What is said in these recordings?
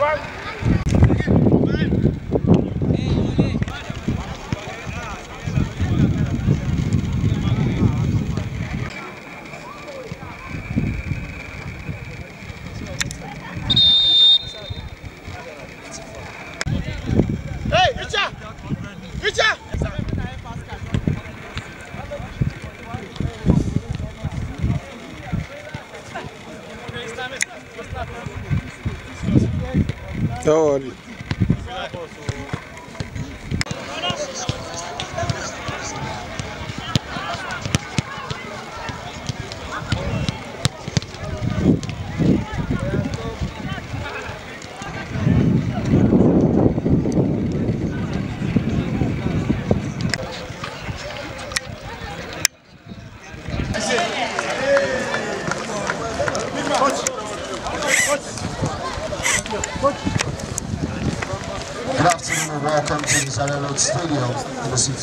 Right. Então, história.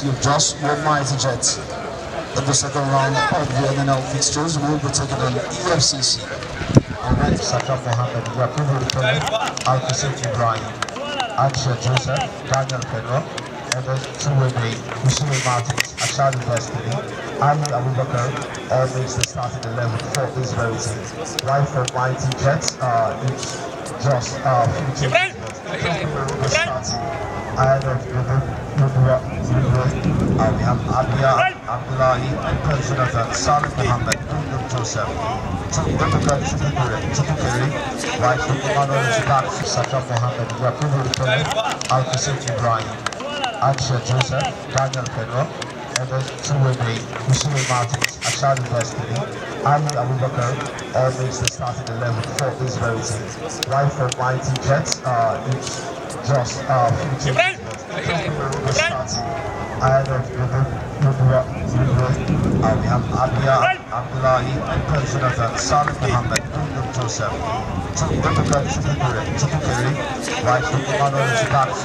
you've just won Mighty Jet. In the second round of the NNL fixtures we will be taking on EFCC. Ahmed Sakaf Mohammed, Yakubu Rukana, Al-Qasim Brian, Aksha Joseph, Daniel Pedro, Edward Chuwebe, Hussein Martins, Ashadu Destiny, Ali Abubakar, all makes the starting 11 for this very team. Right for Mighty Jets, uh, it's just uh, 15 minutes. Just I don't know and we have Abia Abdullahi considered as Salif Muhammad Joseph. Typical typically, right from the manual back Mohammed, Yakubu Rukun, Al-Qasim Ibrahim, Joseph, Daniel Pedro, Edward Suwebe, Musulman Martins, Ashad University, Ahmed Abubakar, all makes the 11 for this very team. Right from Mighty Jets, uh, it's just uh, 15. Abdullahi and President Salif Mohammed Kingdom Joseph to Republican Secretary, Vice Commander Chicago.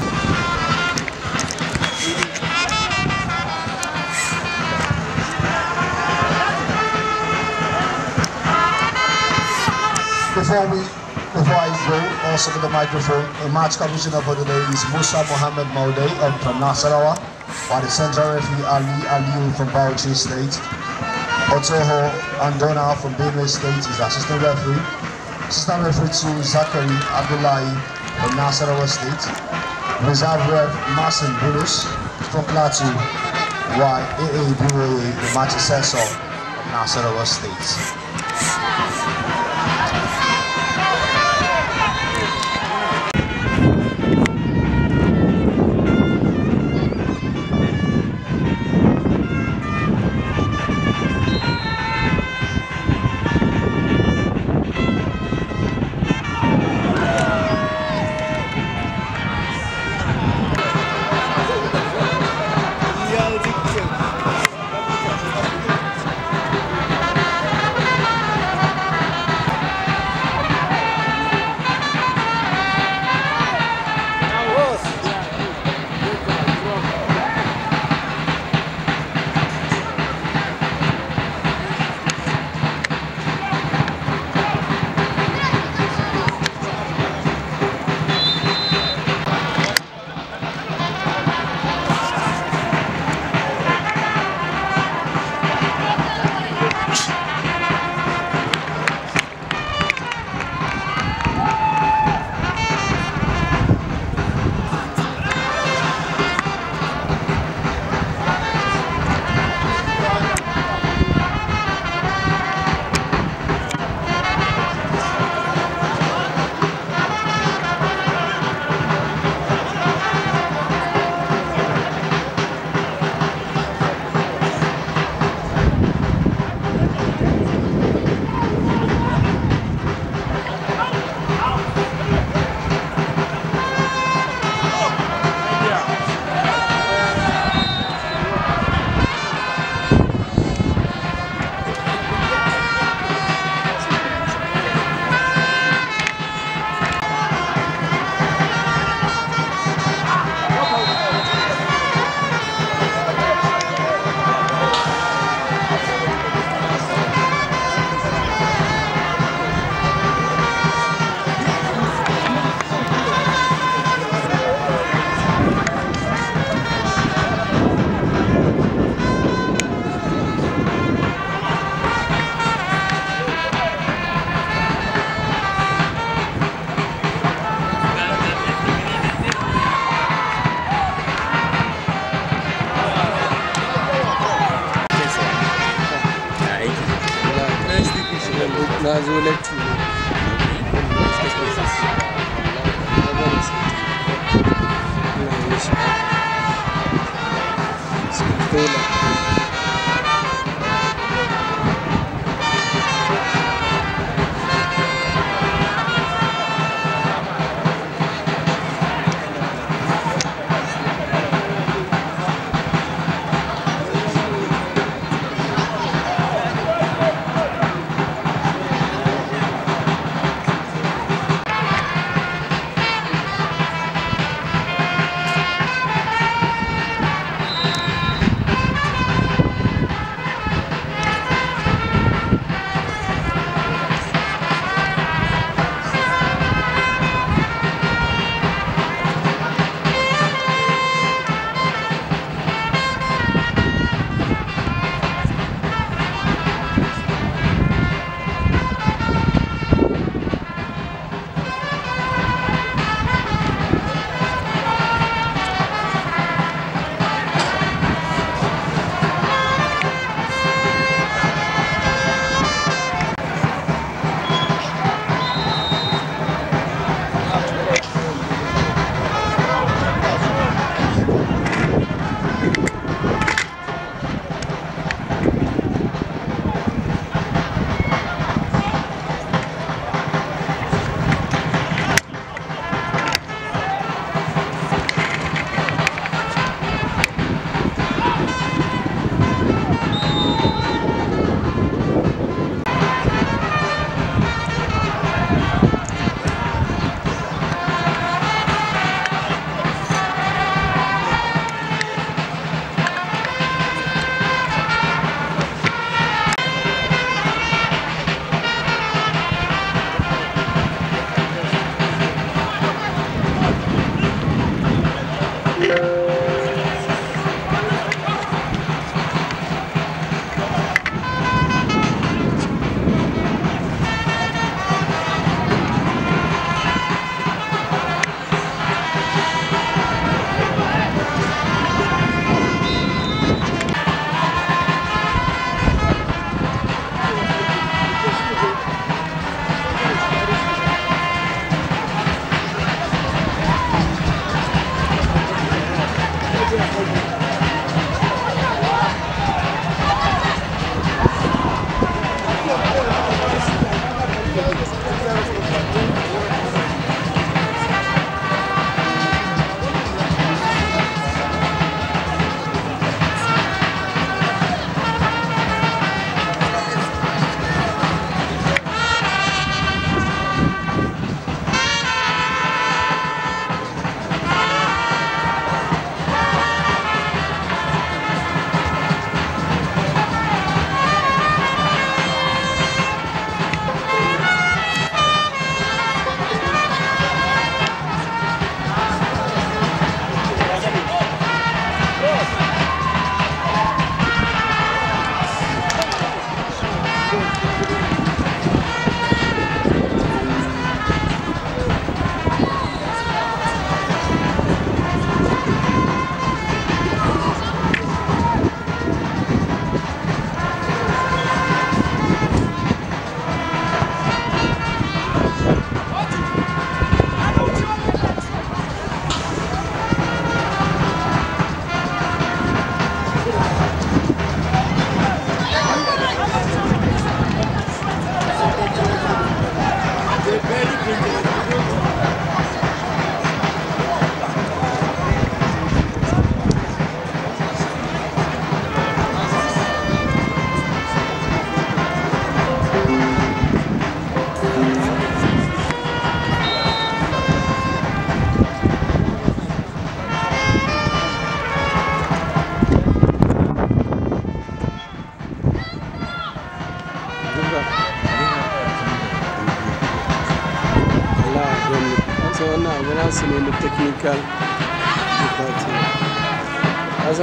Before we, before I also to the microphone, the match commissioner for today is Musa Mohammed Maudei from Nasarawa, while the central referee Ali Aliu from Bauchi State, Otoho Andona from Benue State is assistant referee, assistant referee to Zachary Abdullahi from Nasarawa State, reserve ref Marcin Bulus from Plateau, while AA Buroye, the match assessor from Nasarawa State.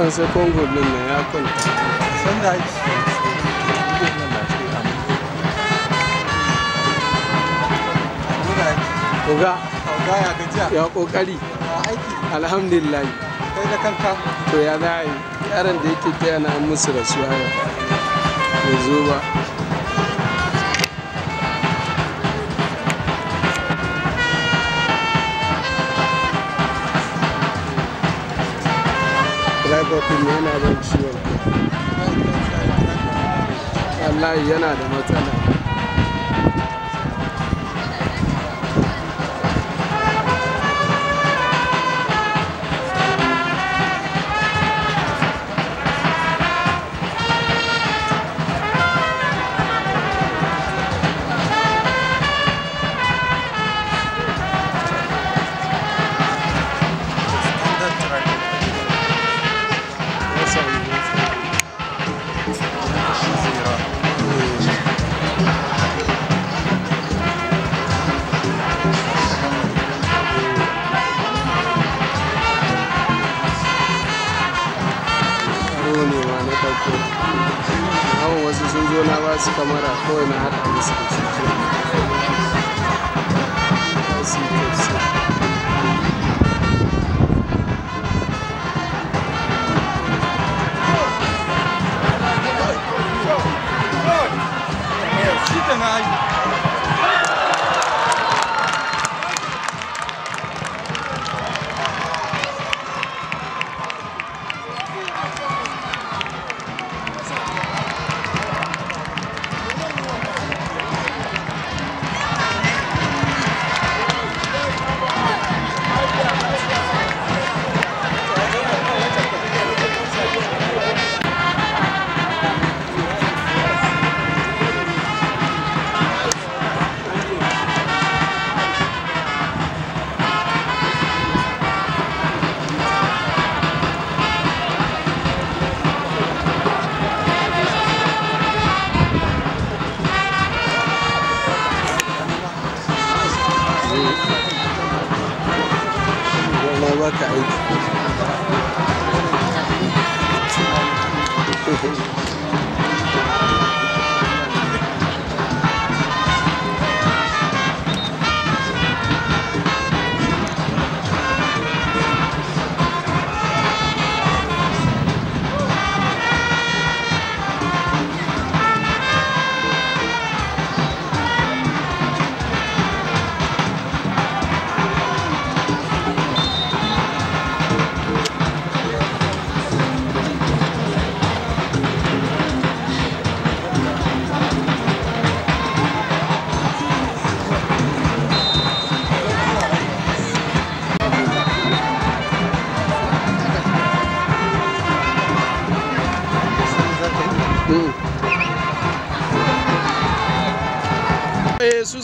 san sai kongo din nan ya kwanta san da Oga. Oga ya gajiya. Ya kokari. Aiki. Alhamdulillah. Kai da kanka. To ya za yi. da yake taya na an musu rasuwa yau. zo ba. kofin yana da ciwon wallahi yana da matsala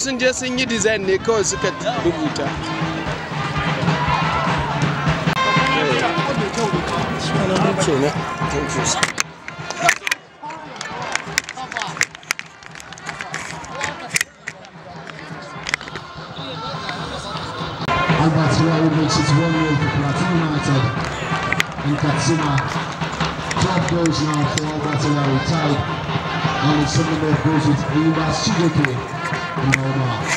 sun je sun yi design ne kawai suka rubuta And that's why it makes it 1-0 for Platin United. And Katsuma, 12 goals now for And it's something that goes with Ibas Shigoki. るほど。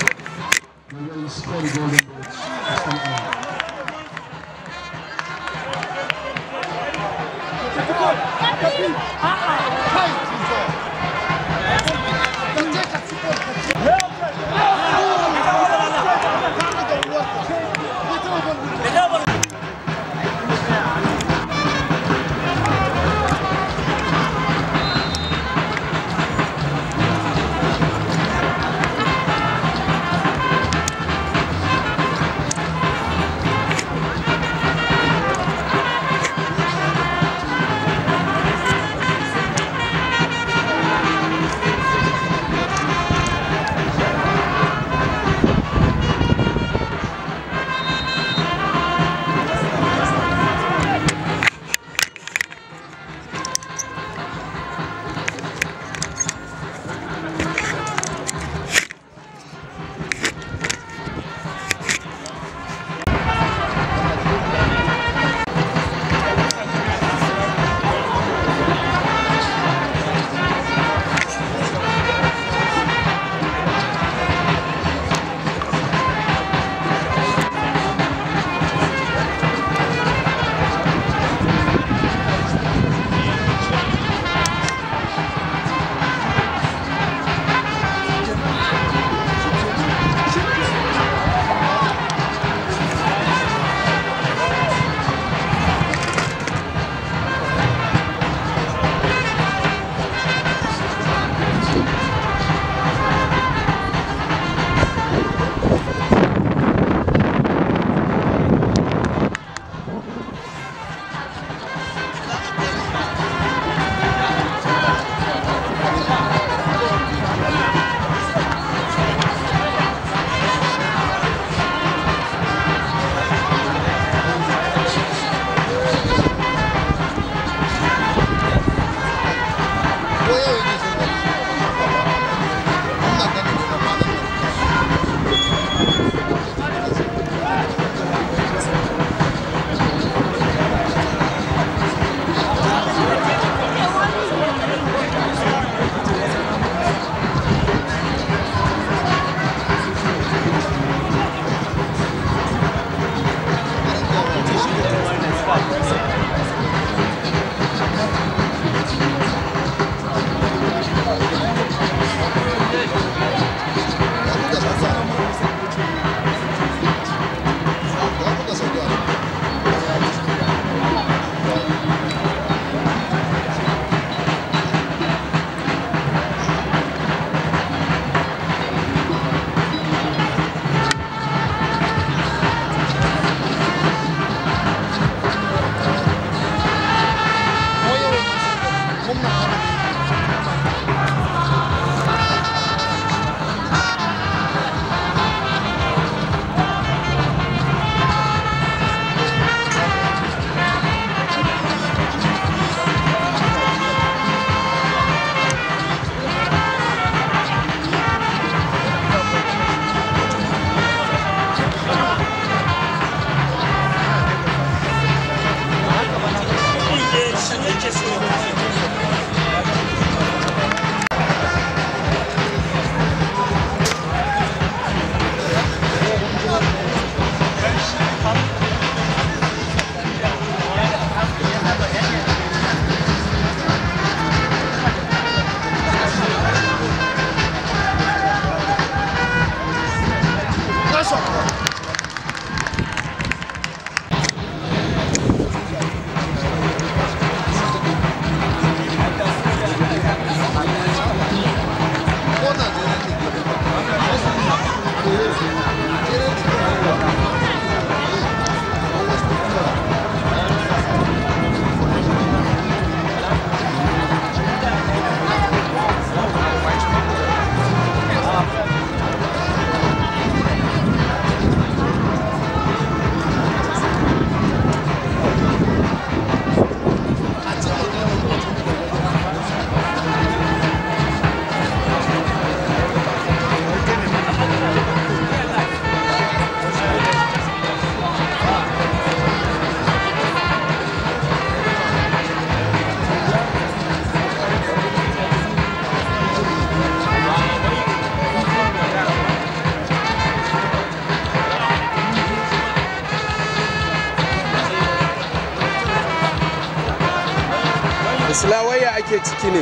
ake ciki ne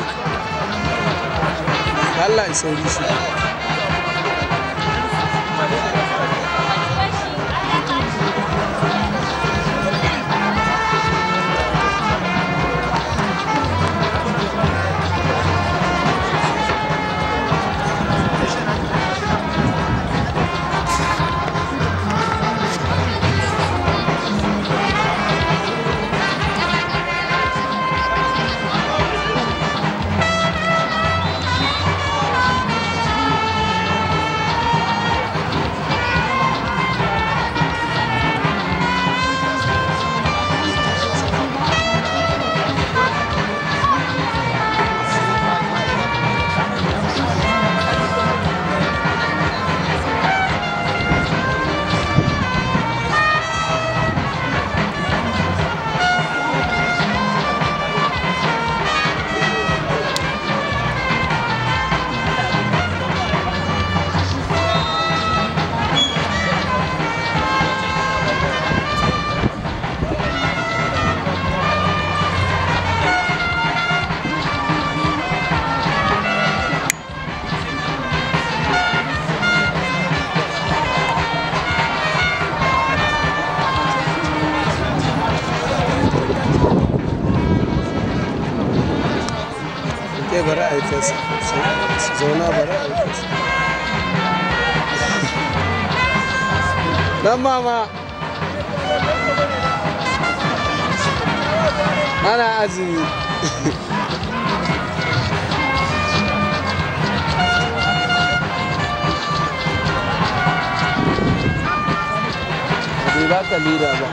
Allah ya sauri shi ke bari a yi zauna bari mama ana azumi ba ka ba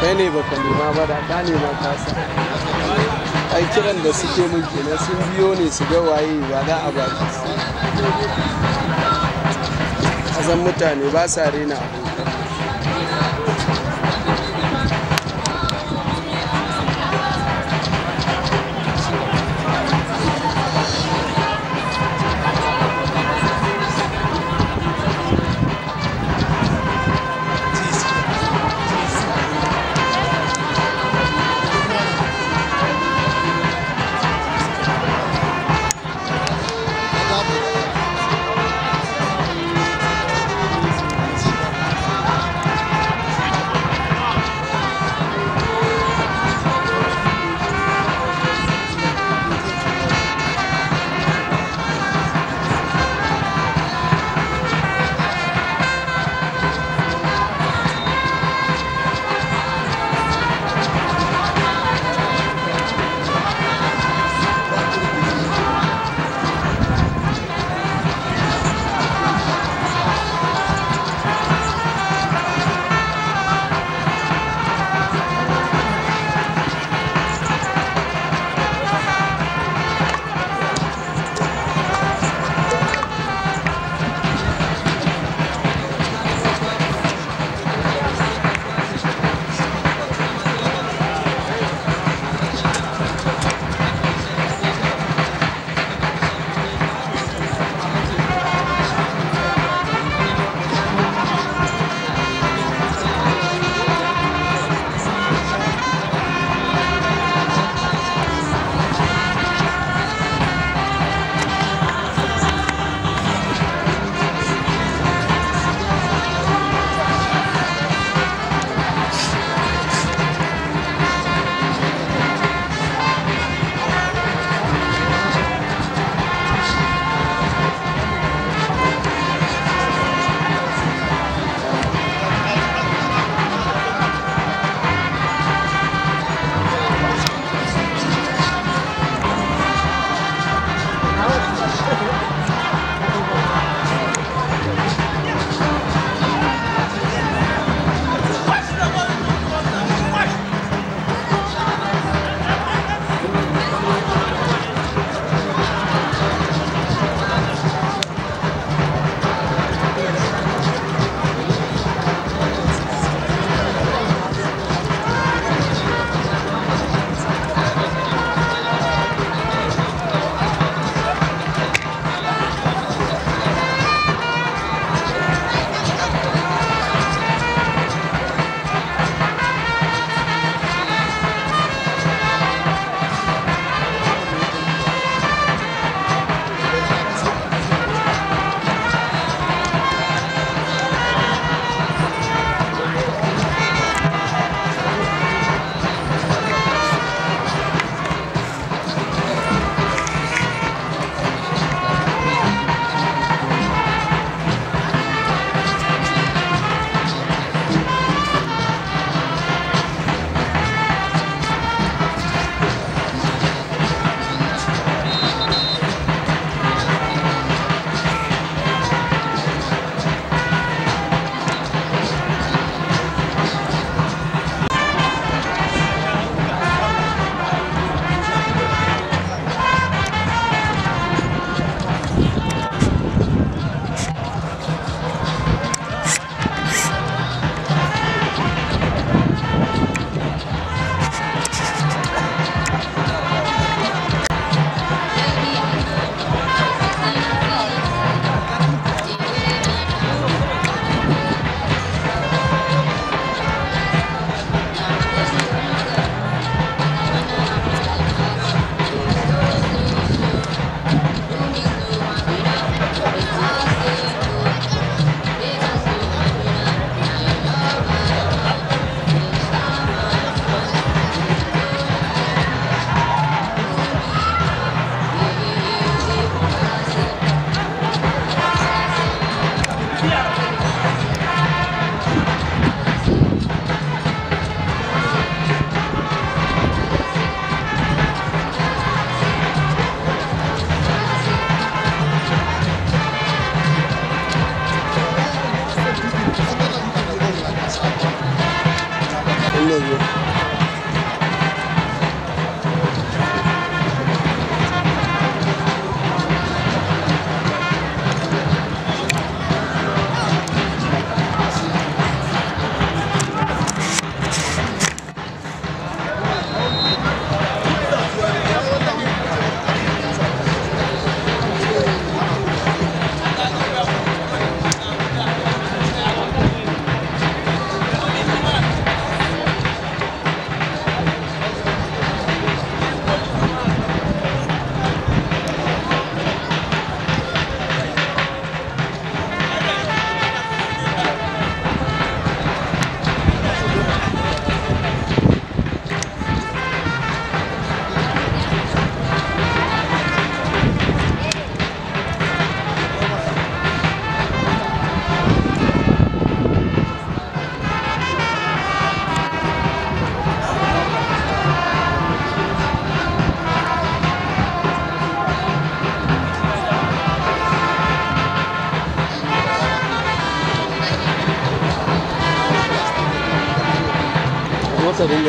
kai ne ba ka nema ba da ka nema ai kiran da suke mun kenan sun biyo ne su ga waye ba za a baki azan mutane ba sa rena abu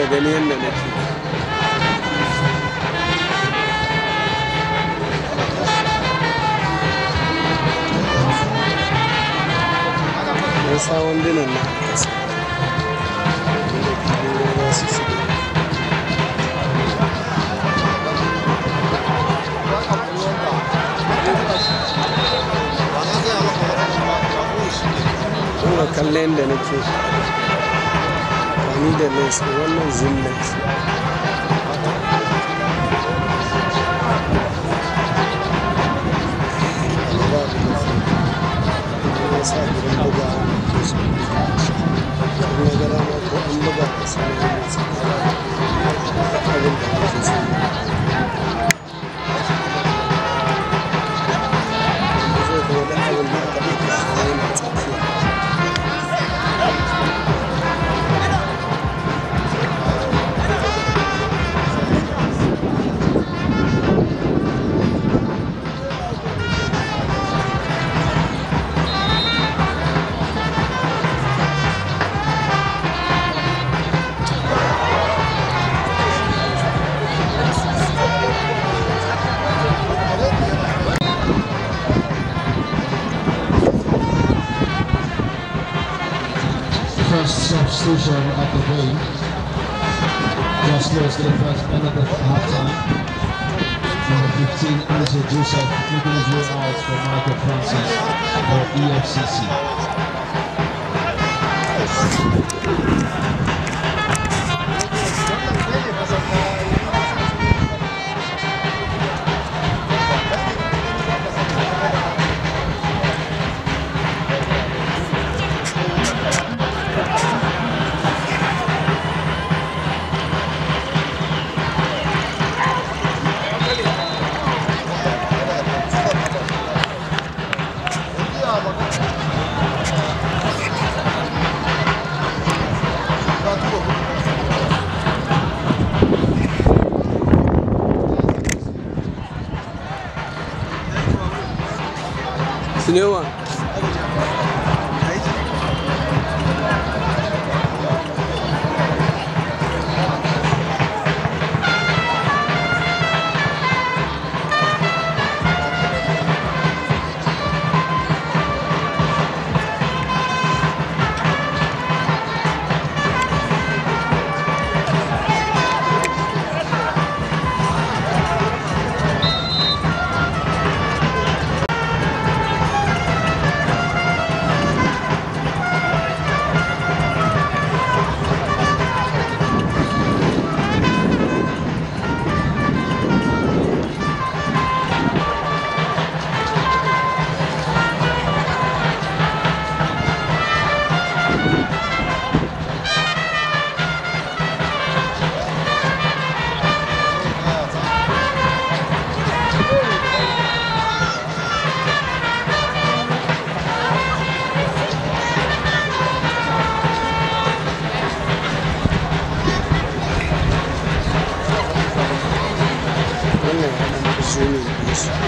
Daniel す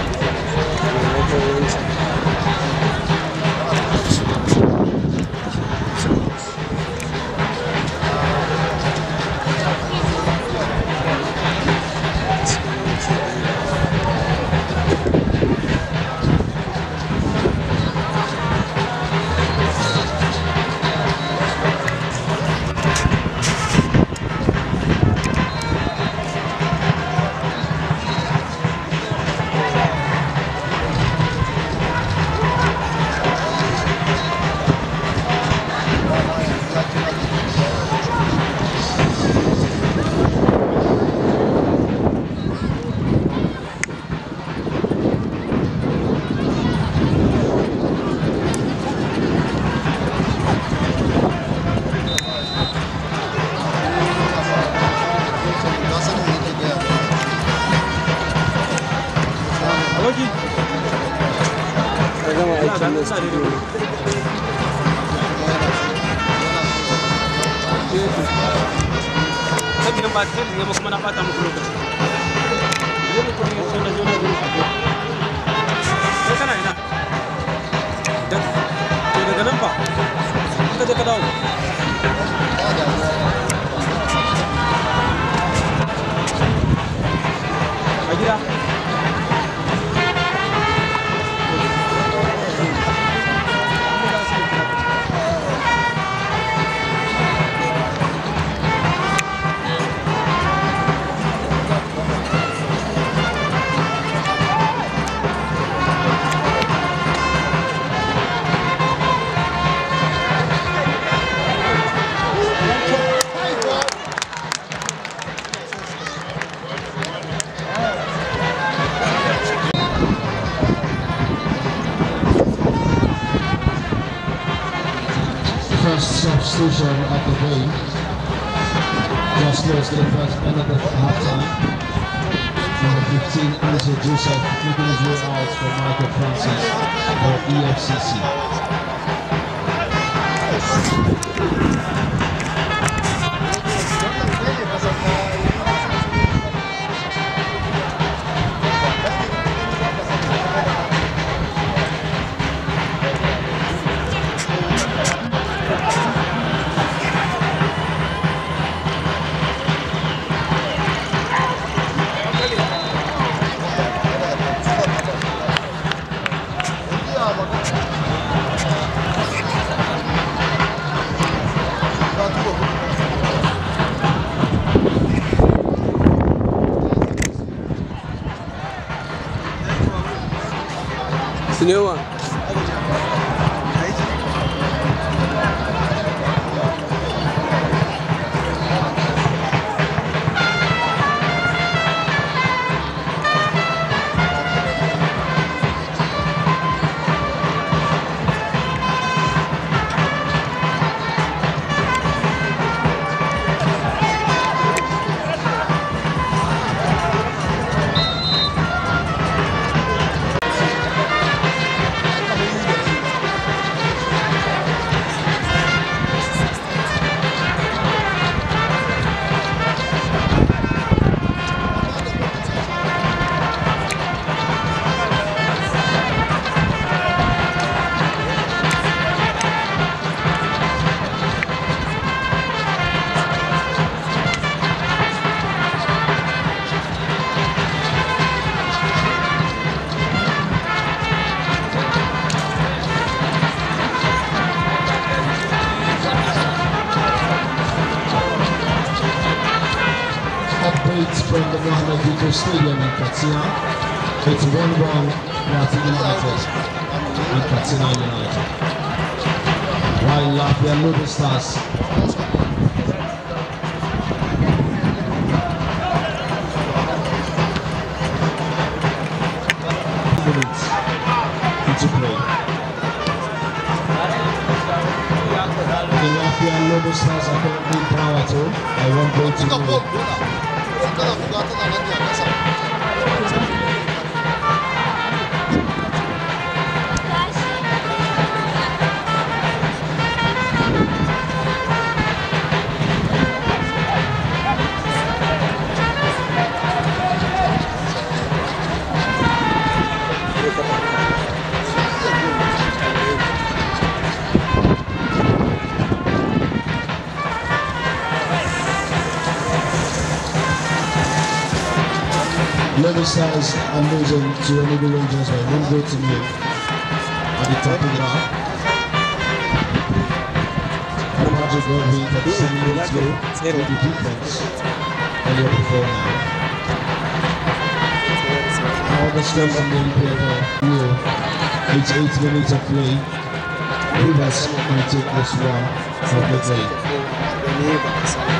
ごい。estamos Stadium in Katsina. It's 1-1 Latin United and Katsina United. While Latvia Lodestars Levisage and losing to enable Rangers by one goal to me at the top of the half. Patrick Welby at seven minutes ago to the defense and your performance. All the steps in the Olympiad are It's eight minutes of play. Rivers can take this one for the day.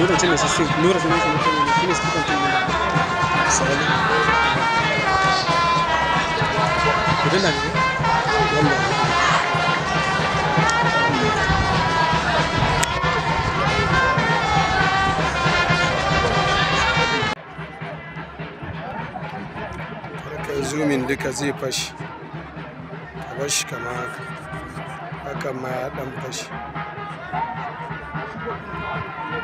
nura ce da zumin duka zai fashi ka bar kama haka ma ya dan fashi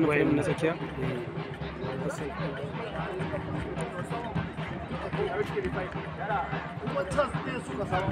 wannan frame na tsakiya Kuma can eh, suka samu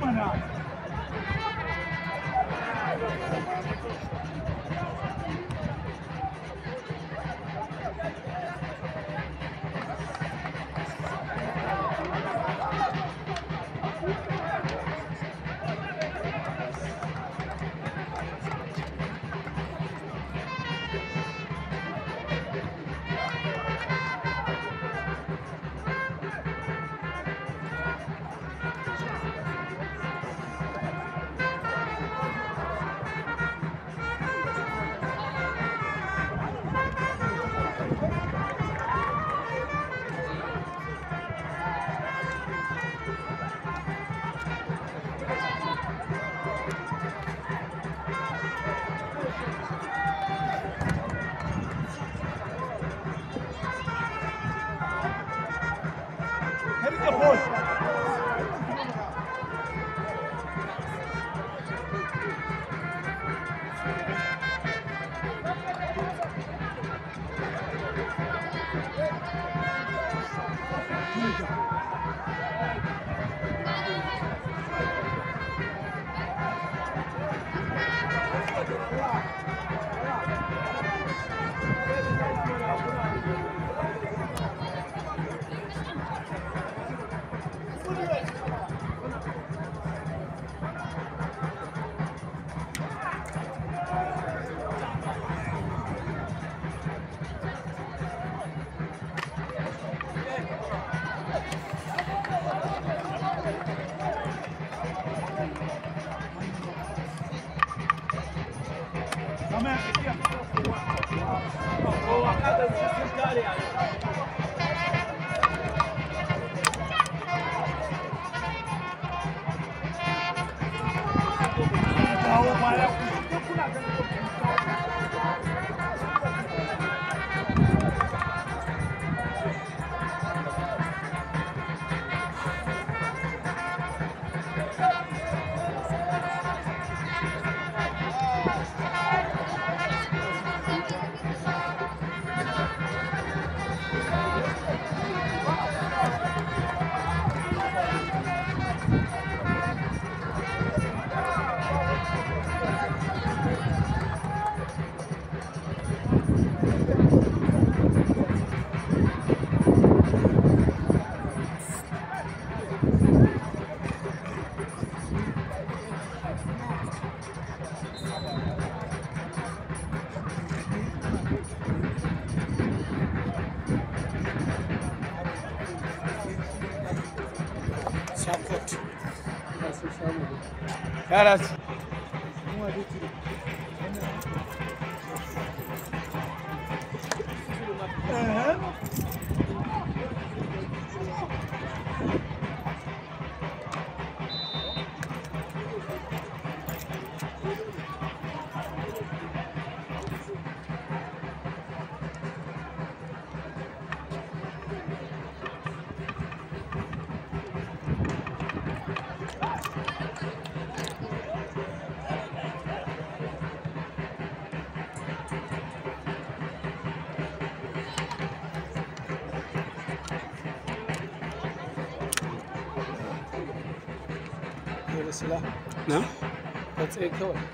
慢点 That is. Take care.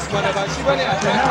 Usman ba shi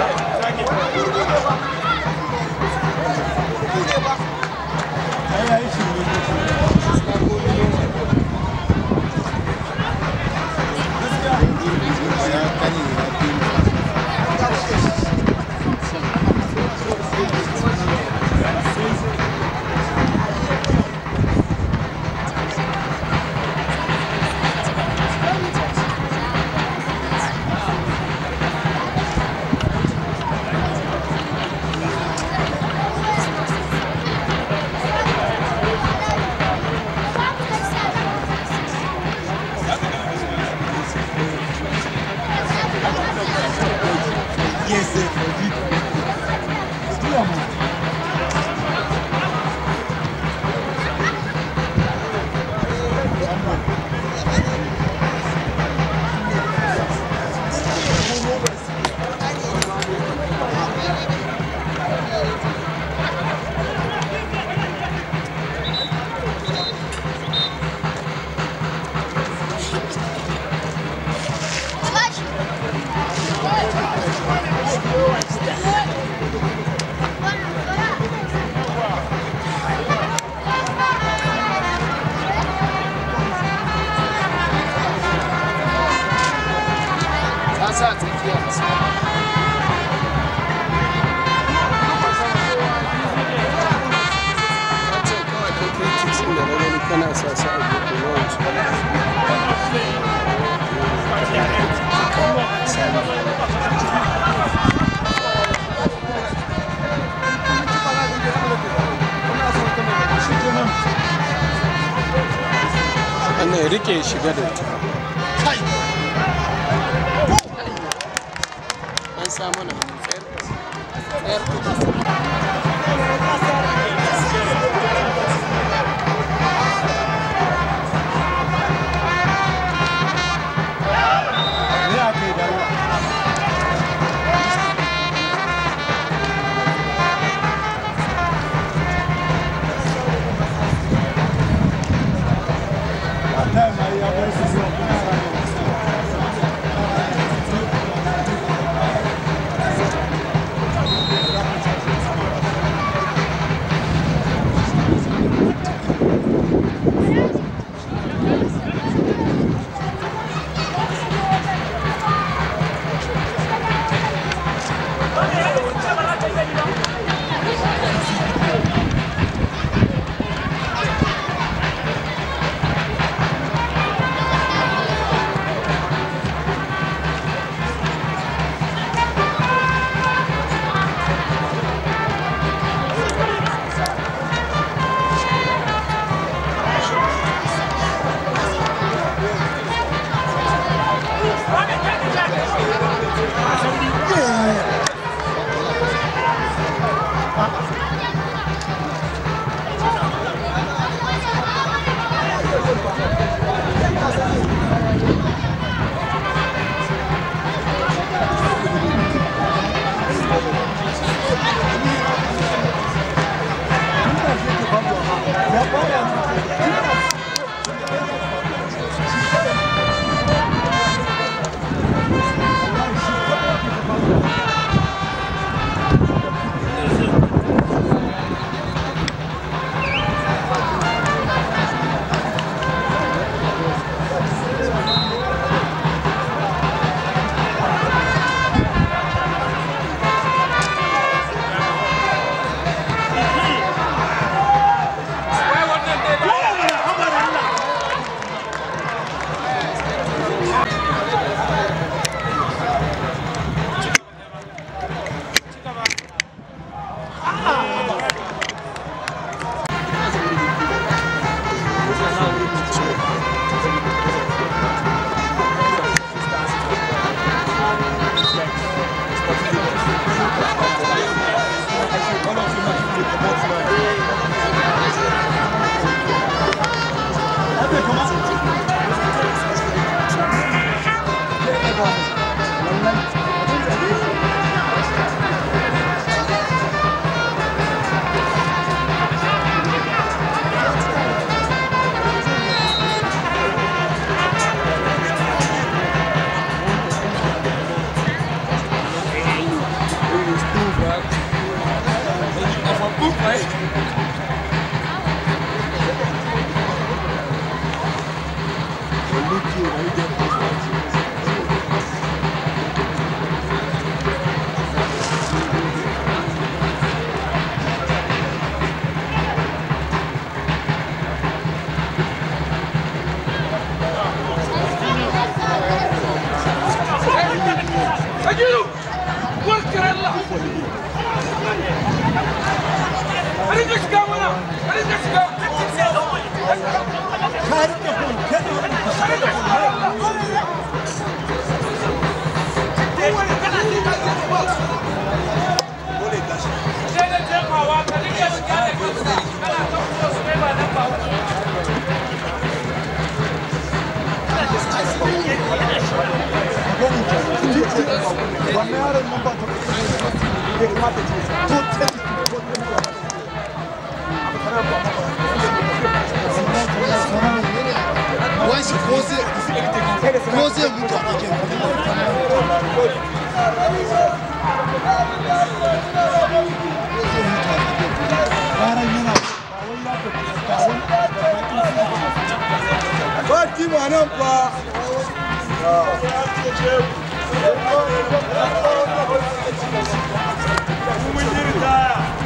Bati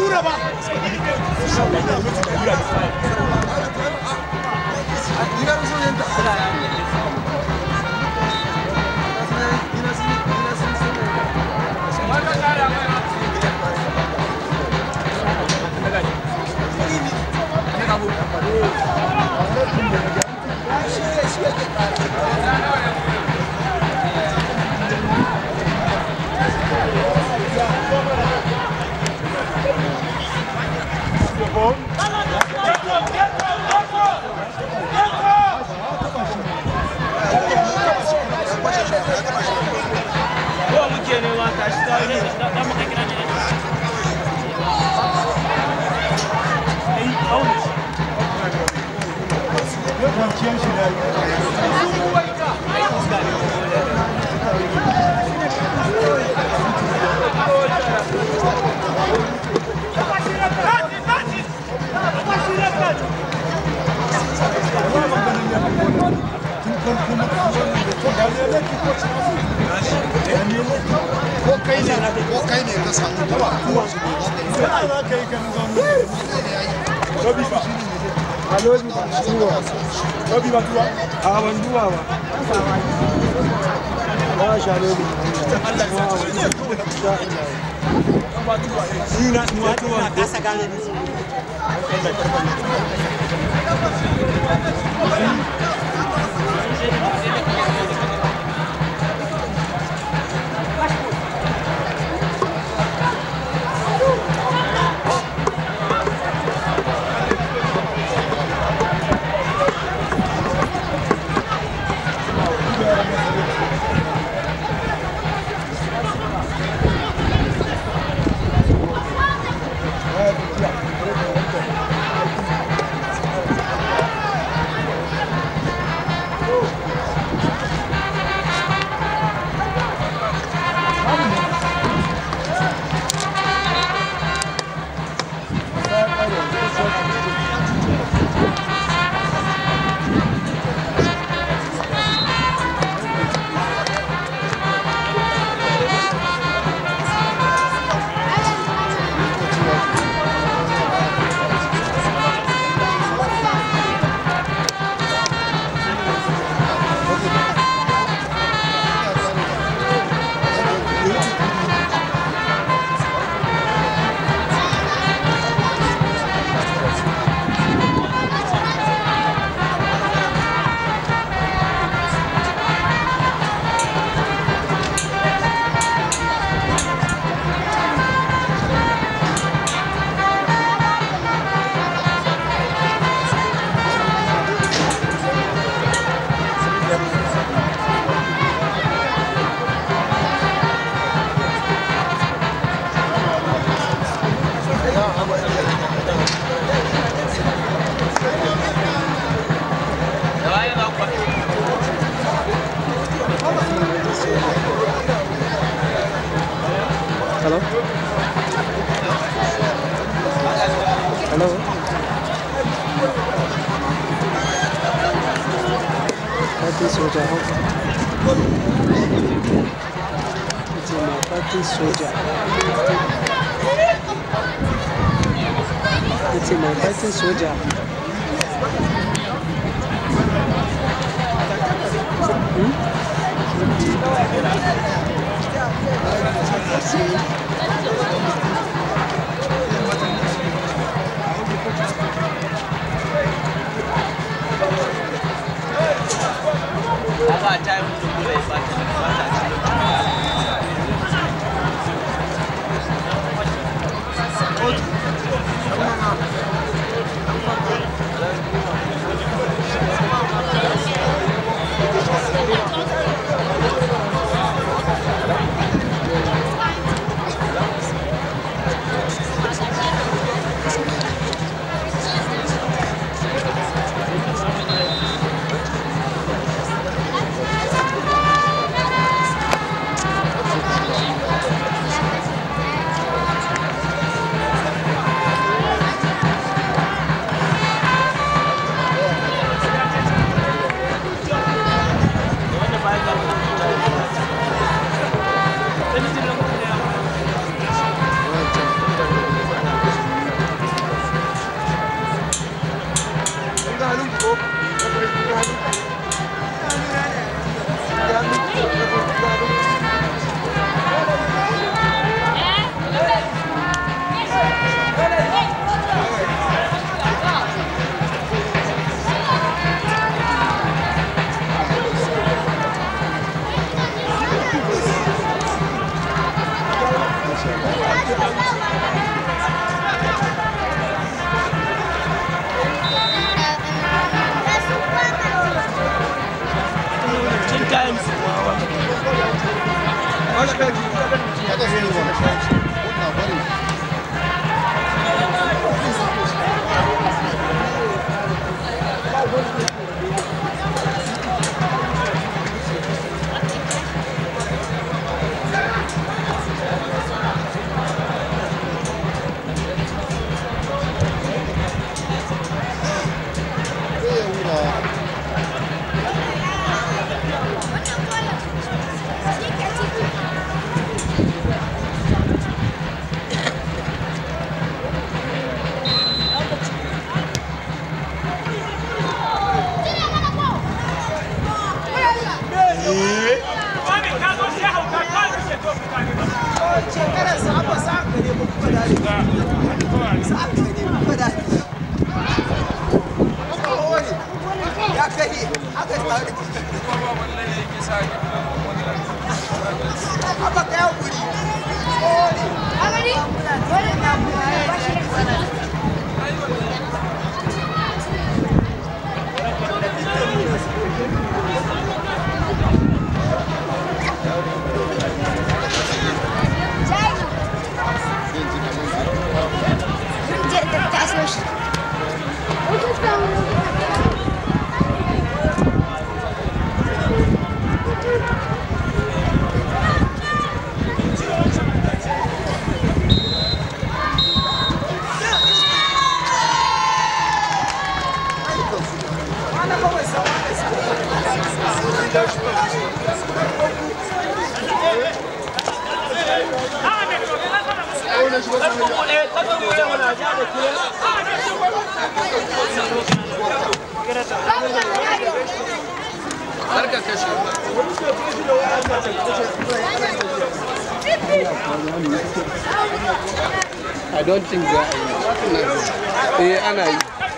hura ba